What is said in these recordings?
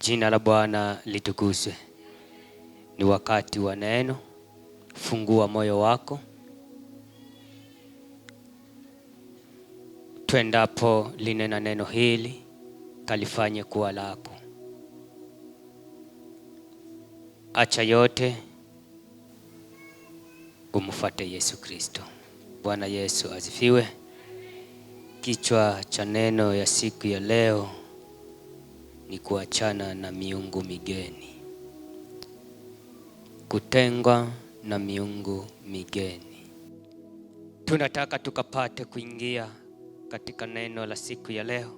Jina la Bwana litukuzwe. Ni wakati wa neno. Fungua moyo wako, twendapo linena neno hili, kalifanye kuwa lako. Acha yote umfuate Yesu Kristo. Bwana Yesu asifiwe. Kichwa cha neno ya siku ya leo ni kuachana na miungu migeni, kutengwa na miungu migeni. Tunataka tukapate kuingia katika neno la siku ya leo.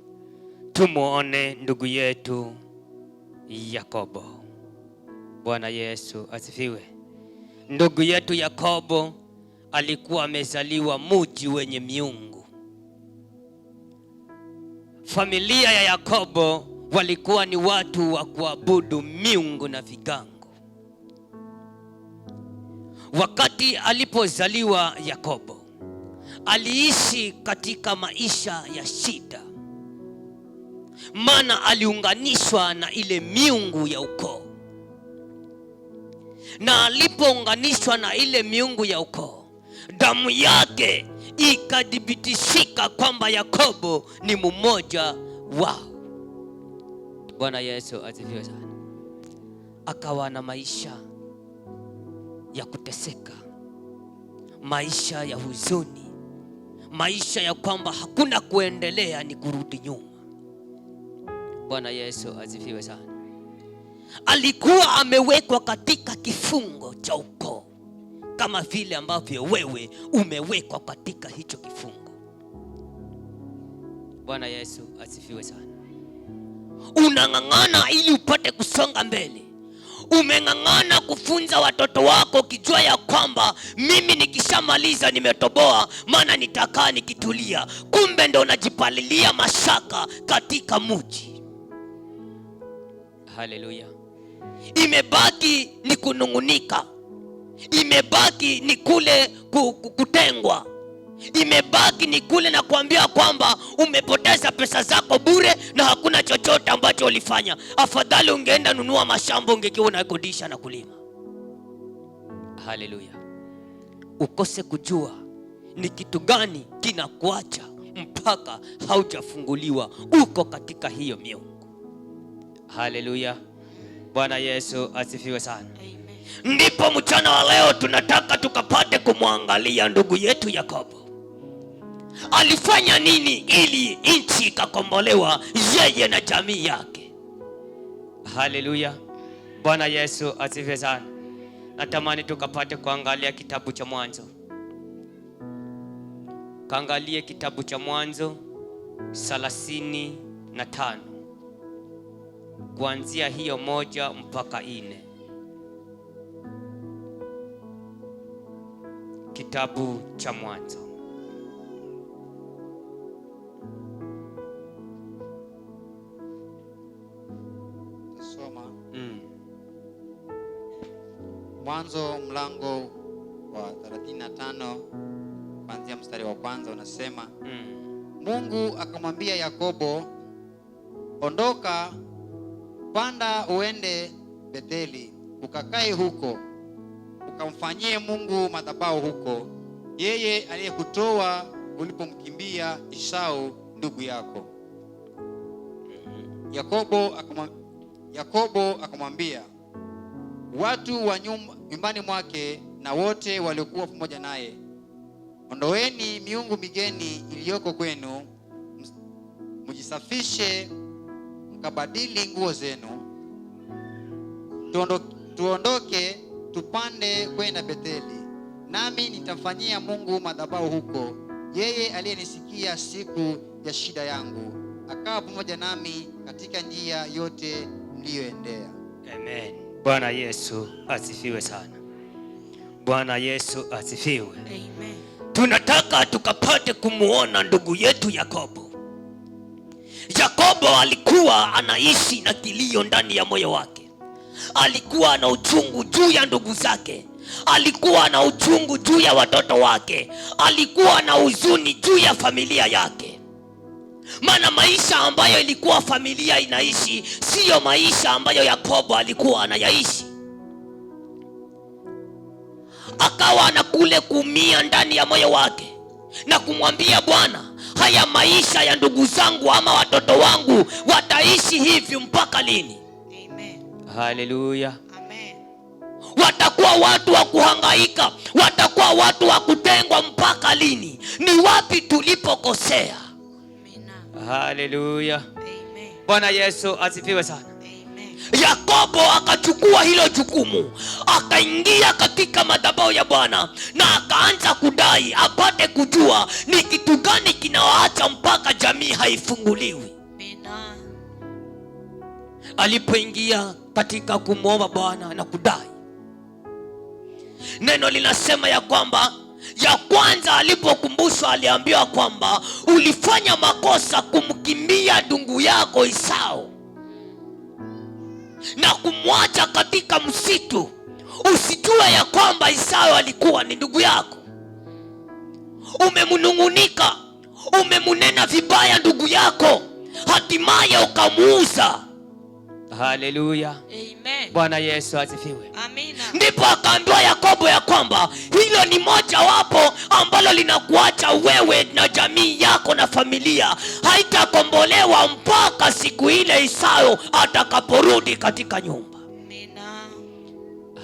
Tumuone ndugu yetu Yakobo. Bwana Yesu asifiwe. Ndugu yetu Yakobo alikuwa amezaliwa muji wenye miungu. Familia ya Yakobo walikuwa ni watu wa kuabudu miungu na vigango. Wakati alipozaliwa Yakobo, aliishi katika maisha ya shida, maana aliunganishwa na ile miungu ya ukoo, na alipounganishwa na ile miungu ya ukoo, damu yake ikadhibitishika kwamba Yakobo ni mmoja wao. Bwana Yesu asifiwe sana. Akawa na maisha ya kuteseka, maisha ya huzuni, maisha ya kwamba hakuna kuendelea, ni kurudi nyuma. Bwana Yesu asifiwe sana. Alikuwa amewekwa katika kifungo cha ukoo kama vile ambavyo wewe umewekwa katika hicho kifungo. Bwana Yesu asifiwe sana unang'ang'ana ili upate kusonga mbele umeng'ang'ana kufunza watoto wako ukijua ya kwamba mimi nikishamaliza nimetoboa, maana nitakaa nikitulia. Kumbe ndo unajipalilia mashaka katika muji. Haleluya! Imebaki ni kunung'unika, imebaki ni kule kutengwa, imebaki ni kule na kuambia kwamba umepoteza pesa zako bure na hakuna chochote ambacho ulifanya. Afadhali ungeenda nunua mashamba, ungekiwa unakodisha na kulima. Haleluya! Ukose kujua ni kitu gani kinakuacha mpaka haujafunguliwa, uko katika hiyo miungu. Haleluya! Bwana Yesu asifiwe sana. Amen. Ndipo mchana wa leo tunataka tukapate kumwangalia ndugu yetu Yakobo alifanya nini ili nchi ikakombolewa, yeye na jamii yake? Haleluya, Bwana Yesu asifiwe sana. Natamani tukapate kuangalia kitabu cha Mwanzo, kaangalie kitabu cha Mwanzo thelathini na tano kuanzia hiyo moja mpaka ine. Kitabu cha Mwanzo Mwanzo mlango wa 35 kuanzia mstari wa kwanza unasema mm. Mungu akamwambia Yakobo, ondoka, panda uende Betheli, ukakae huko, ukamfanyie Mungu madhabahu huko, yeye aliyekutoa ulipomkimbia isau ndugu yako. Mm. Yakobo akamwambia watu wa nyumbani mwake na wote waliokuwa pamoja naye. Ondoeni miungu migeni iliyoko kwenu, mjisafishe, mkabadili nguo zenu. Tuondoke tupande kwenda Betheli, nami nitamfanyia Mungu madhabahu huko, yeye aliyenisikia siku ya shida yangu, akawa pamoja nami katika njia yote mliyoendea. Amen. Bwana Yesu asifiwe sana. Bwana Yesu asifiwe. Amen. Tunataka tukapate kumuona ndugu yetu Yakobo. Yakobo alikuwa anaishi na kilio ndani ya moyo wake. Alikuwa na uchungu juu ya ndugu zake. Alikuwa na uchungu juu ya watoto wake. Alikuwa na huzuni juu ya familia yake maana maisha ambayo ilikuwa familia inaishi siyo maisha ambayo Yakobo alikuwa anayaishi. Akawa anakule kumia ndani ya moyo wake na kumwambia Bwana, haya maisha ya ndugu zangu ama watoto wangu wataishi hivi mpaka lini? Amen. Haleluya. Watakuwa watu wa kuhangaika, watakuwa watu wa kutengwa mpaka lini? Ni wapi tulipokosea? Haleluya. Bwana Yesu asifiwe sana. Yakobo akachukua hilo jukumu, akaingia katika madhabahu ya Bwana na akaanza kudai apate kujua ni kitu gani kinawaacha mpaka jamii haifunguliwi. Alipoingia katika kumwomba Bwana na kudai, neno linasema ya kwamba ya kwanza alipokumbushwa aliambiwa kwamba ulifanya makosa kumkimbia ndugu yako Esau na kumwacha katika msitu, usijue ya kwamba Esau alikuwa ni ndugu yako. Umemnung'unika, umemunena vibaya ndugu yako, hatimaye ukamuuza. Haleluya, amen. Bwana Yesu asifiwe, amen. Ndipo akaambiwa Yakobo ya kwamba hilo ni mojawapo ambalo linakuacha wewe na jamii yako na familia, haitakombolewa mpaka siku ile isayo atakaporudi katika nyumba. Amina,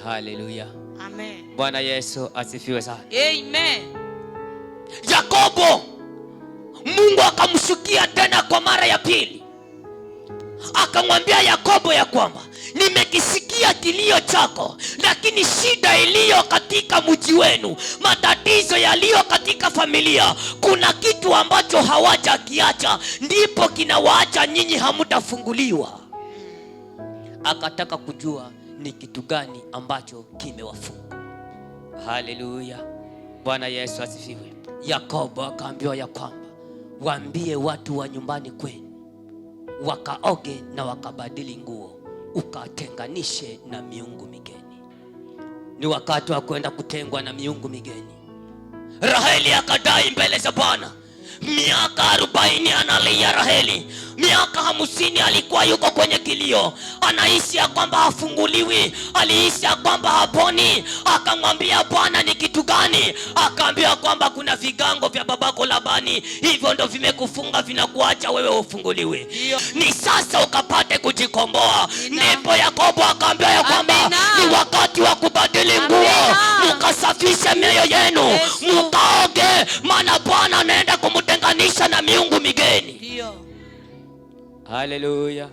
haleluya, amen. Bwana Yesu asifiwe sana, Yakobo, Mungu akamshukia tena kwa mara ya pili akamwambia Yakobo ya kwamba nimekisikia kilio chako, lakini shida iliyo katika mji wenu, matatizo yaliyo katika familia, kuna kitu ambacho hawajakiacha, ndipo kinawaacha nyinyi hamtafunguliwa Akataka kujua ni kitu gani ambacho kimewafunga. Haleluya, Bwana Yesu asifiwe. Yakobo akaambiwa ya kwamba waambie watu wa nyumbani kwenu wakaoge na wakabadili nguo, ukatenganishe na miungu migeni. Ni wakati wa kwenda kutengwa na miungu migeni. Raheli akadai mbele za Bwana Miaka arobaini analia Raheli, miaka hamsini alikuwa yuko kwenye kilio, anahisi ya kwamba hafunguliwi, alihisi ya kwamba haponi. Akamwambia Bwana, ni kitu gani? Akaambia kwamba kuna vigango vya babako Labani, hivyo ndo vimekufunga vinakuacha wewe ufunguliwi, ni sasa ukapate kujikomboa. Ndipo Yakobo akaambia ya kwamba ni wakati wa kubadili nguo, mukasafishe mioyo yenu, mukaoge, maana kujiunganisha na miungu migeni. Haleluya.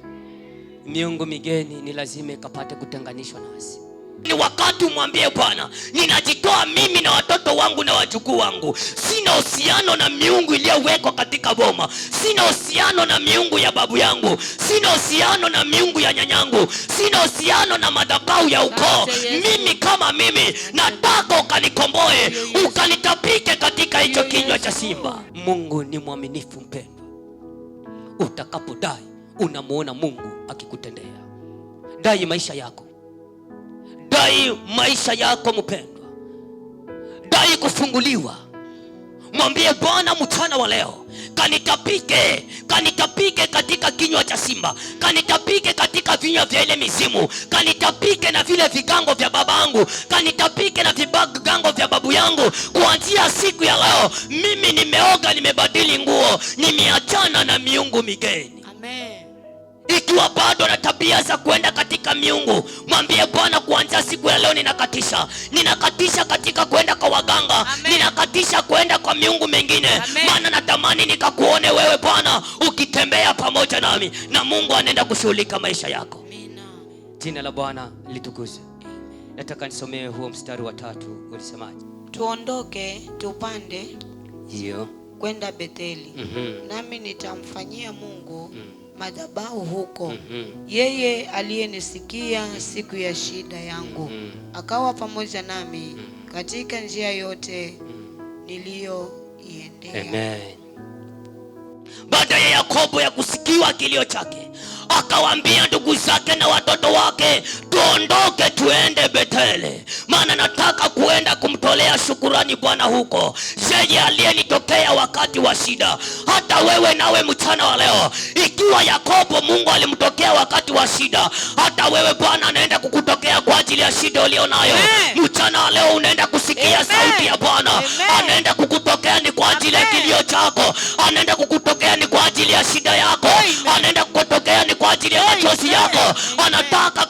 Miungu migeni ni lazima ikapate kutenganishwa nasi. Ni wakati umwambie Bwana, ninajitoa mimi na watoto wangu na wajukuu wangu. Sina uhusiano na miungu iliyowekwa katika boma, sina uhusiano na miungu ya babu yangu, sina uhusiano na miungu ya nyanyangu, sina uhusiano na madhabahu ya ukoo. Mimi kama mimi, nataka ukanikomboe, ukanitapike katika hicho kinywa cha simba. Mungu ni mwaminifu mpendwa, utakapodai unamwona Mungu akikutendea. Dai maisha yako Dai maisha yako mpendwa, dai kufunguliwa. Mwambie Bwana mchana wa leo, kanitapike kanitapike katika kinywa cha simba, kanitapike katika vinywa vya ile mizimu, kanitapike na vile vigango vya babangu, kanitapike na vigango vya babu yangu. Kuanzia siku ya leo, mimi nimeoga, nimebadili nguo, nimeachana na miungu migeni. Amen. Ikiwa bado na tabia za kwenda katika miungu, mwambie Bwana, kuanzia siku ya leo ninakatisha, ninakatisha katika kwenda kwa waganga Amen. Ninakatisha kwenda kwa miungu mingine, maana natamani nikakuone wewe Bwana ukitembea pamoja nami, na Mungu anaenda kushughulika maisha yako. Jina la Bwana litukuzwe. Nataka nisomee huo mstari wa tatu, ulisemaje? Tuondoke tupande, hiyo kwenda Betheli. mm -hmm. nami nitamfanyia Mungu madhabahu huko mm -hmm. Yeye aliyenisikia siku ya shida yangu mm -hmm. akawa pamoja nami mhm. katika njia yote mhm. niliyoiendea. Amen. Baada ya Yakobo ya kusikiwa kilio chake, akawaambia ndugu zake na watoto wake, tuondoke tuende betele maana nataka kuenda kutolea shukurani Bwana huko, yeye aliyenitokea wakati wa shida. Hata wewe nawe mchana wa leo, ikiwa Yakobo Mungu alimtokea wakati wa shida, hata wewe Bwana anaenda kukutokea kwa ajili ya shida ulio nayo mchana wa leo. Unaenda kusikia Amen. sauti ya Bwana anaenda kukutokea ni kwa ajili ya kilio chako, anaenda kukutokea ni kwa ajili ya shida yako, anaenda kukutokea ni kwa ajili ya machozi yako, anataka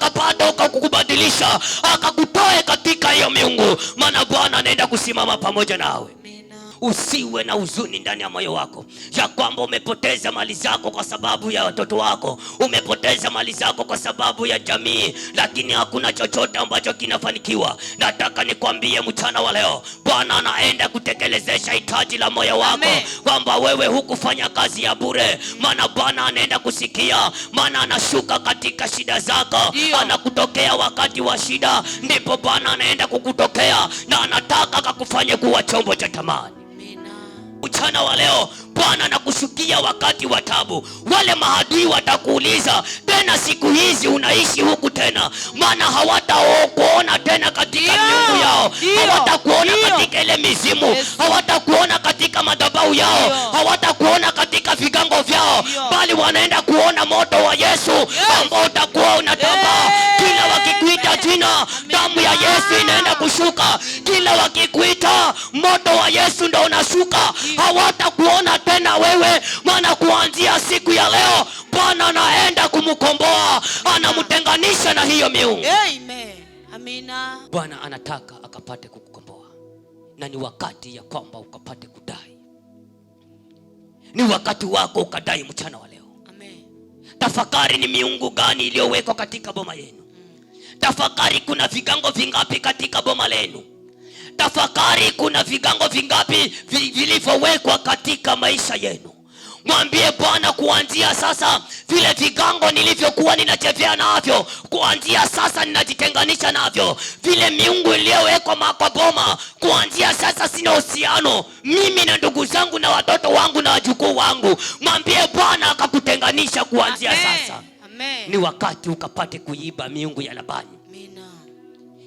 akakubadilisha akakutoe katika hiyo miungu, maana Bwana anaenda kusimama pamoja nawe usiwe na huzuni ndani ya moyo wako, ya kwamba umepoteza mali zako kwa sababu ya watoto wako, umepoteza mali zako kwa sababu ya jamii, lakini hakuna chochote ambacho kinafanikiwa. Nataka nikwambie mchana wa leo, Bwana anaenda kutekelezesha hitaji la moyo wako, kwamba wewe hukufanya kazi ya bure, maana Bwana anaenda kusikia, maana anashuka katika shida zako, anakutokea wakati wa shida, ndipo Bwana anaenda kukutokea na anataka akakufanye kuwa chombo cha tamani mchana wa leo Bwana anakushukia wakati wa tabu. Wale maadui watakuuliza tena, siku hizi unaishi huku tena? Maana hawatakuona tena katika miungu yao, hawatakuona katika ile mizimu hawatakuona katika madhabahu yao hawatakuona katika vigango vyao bali wanaenda kuona moto wa Yesu ambao utakuwa unatambaa kila wakikuita jina, damu ya Yesu inaenda kushuka. Kila wakikuita moto wa Yesu ndo unashuka, hawatakuona tena wewe, maana kuanzia siku ya leo Bwana anaenda kumkomboa, anamtenganisha na hiyo miungu. Amen. Amina. Bwana anataka akapate kukukomboa, na ni wakati ya kwamba ukapate kudai. Ni wakati wako ukadai mchana wa leo. Amen. Tafakari ni miungu gani iliyowekwa katika boma yenu. Tafakari, kuna vigango vingapi katika boma lenu? Tafakari, kuna vigango vingapi vilivyowekwa katika maisha yenu? Mwambie Bwana, kuanzia sasa vile vigango nilivyokuwa ninachevea navyo, kuanzia sasa ninajitenganisha navyo. Vile miungu iliyowekwa makwa boma, kuanzia sasa sina uhusiano mimi na ndugu zangu na watoto wangu na wajukuu wangu. Mwambie Bwana akakutenganisha kuanzia Sasa Amen. Ni wakati ukapate kuiba miungu ya Labani.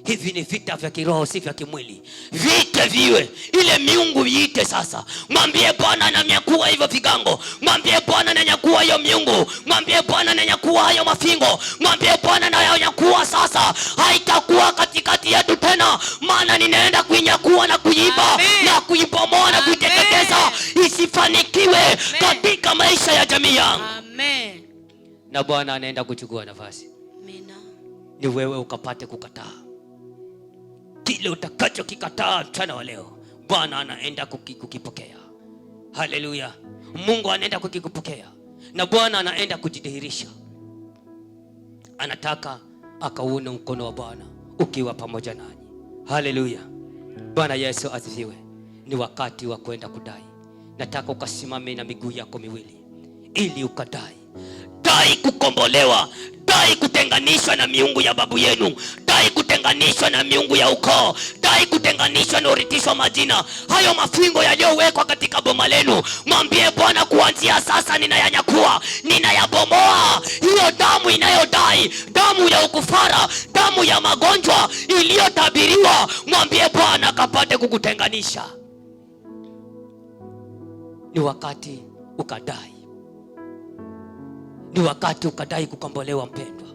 Hivi ni vita vya kiroho, si vya kimwili. Vite viwe, ile miungu viite sasa. Mwambie Bwana nanyakua hivyo vigango, mwambie Bwana nanyakua hiyo miungu, mwambie Bwana nanyakua hayo mafingo, mwambie Bwana nayanyakua sasa. Haitakuwa katikati yetu tena, maana ninaenda kuinyakua na kuiba na kuibomoa na kuiteketeza, isifanikiwe Amen. katika maisha ya jamii yangu Amen. Na Bwana anaenda kuchukua nafasi, ni wewe ukapate kukataa kile utakachokikataa mchana wa leo, Bwana anaenda kukipokea. Haleluya! Mungu anaenda kukikupokea na Bwana anaenda kujidhihirisha. Anataka akauone mkono wa Bwana ukiwa pamoja nanyi. Haleluya! Bwana Yesu asifiwe. Ni wakati wa kwenda kudai. Nataka ukasimame na miguu yako miwili ili ukadai dai kukombolewa, dai kutenganishwa na miungu ya babu yenu, dai kutenganishwa na miungu ya ukoo, dai kutenganishwa na uritishwa majina. Hayo mafingo yaliyowekwa katika boma lenu, mwambie Bwana, kuanzia sasa ninayanyakua, ninayabomoa. Hiyo damu inayodai, damu ya ukufara, damu ya magonjwa iliyotabiriwa, mwambie Bwana kapate kukutenganisha. Ni wakati ukadai ni wakati ukadai kukombolewa, mpendwa.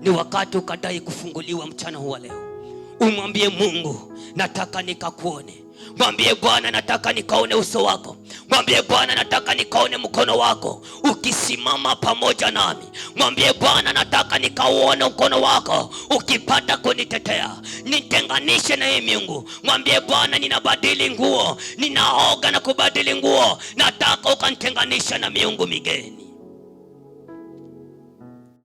Ni wakati ukadai kufunguliwa mchana huu leo. Umwambie Mungu, nataka nikakuone. Mwambie Bwana, nataka nikaone uso wako. Mwambie Bwana, nataka nikaone mkono wako ukisimama pamoja nami. Mwambie Bwana, nataka nikauone mkono wako ukipata kunitetea, nitenganishe na hii miungu. Mwambie Bwana, ninabadili nguo, ninaoga na kubadili nguo, nataka ukanitenganisha na miungu migeni.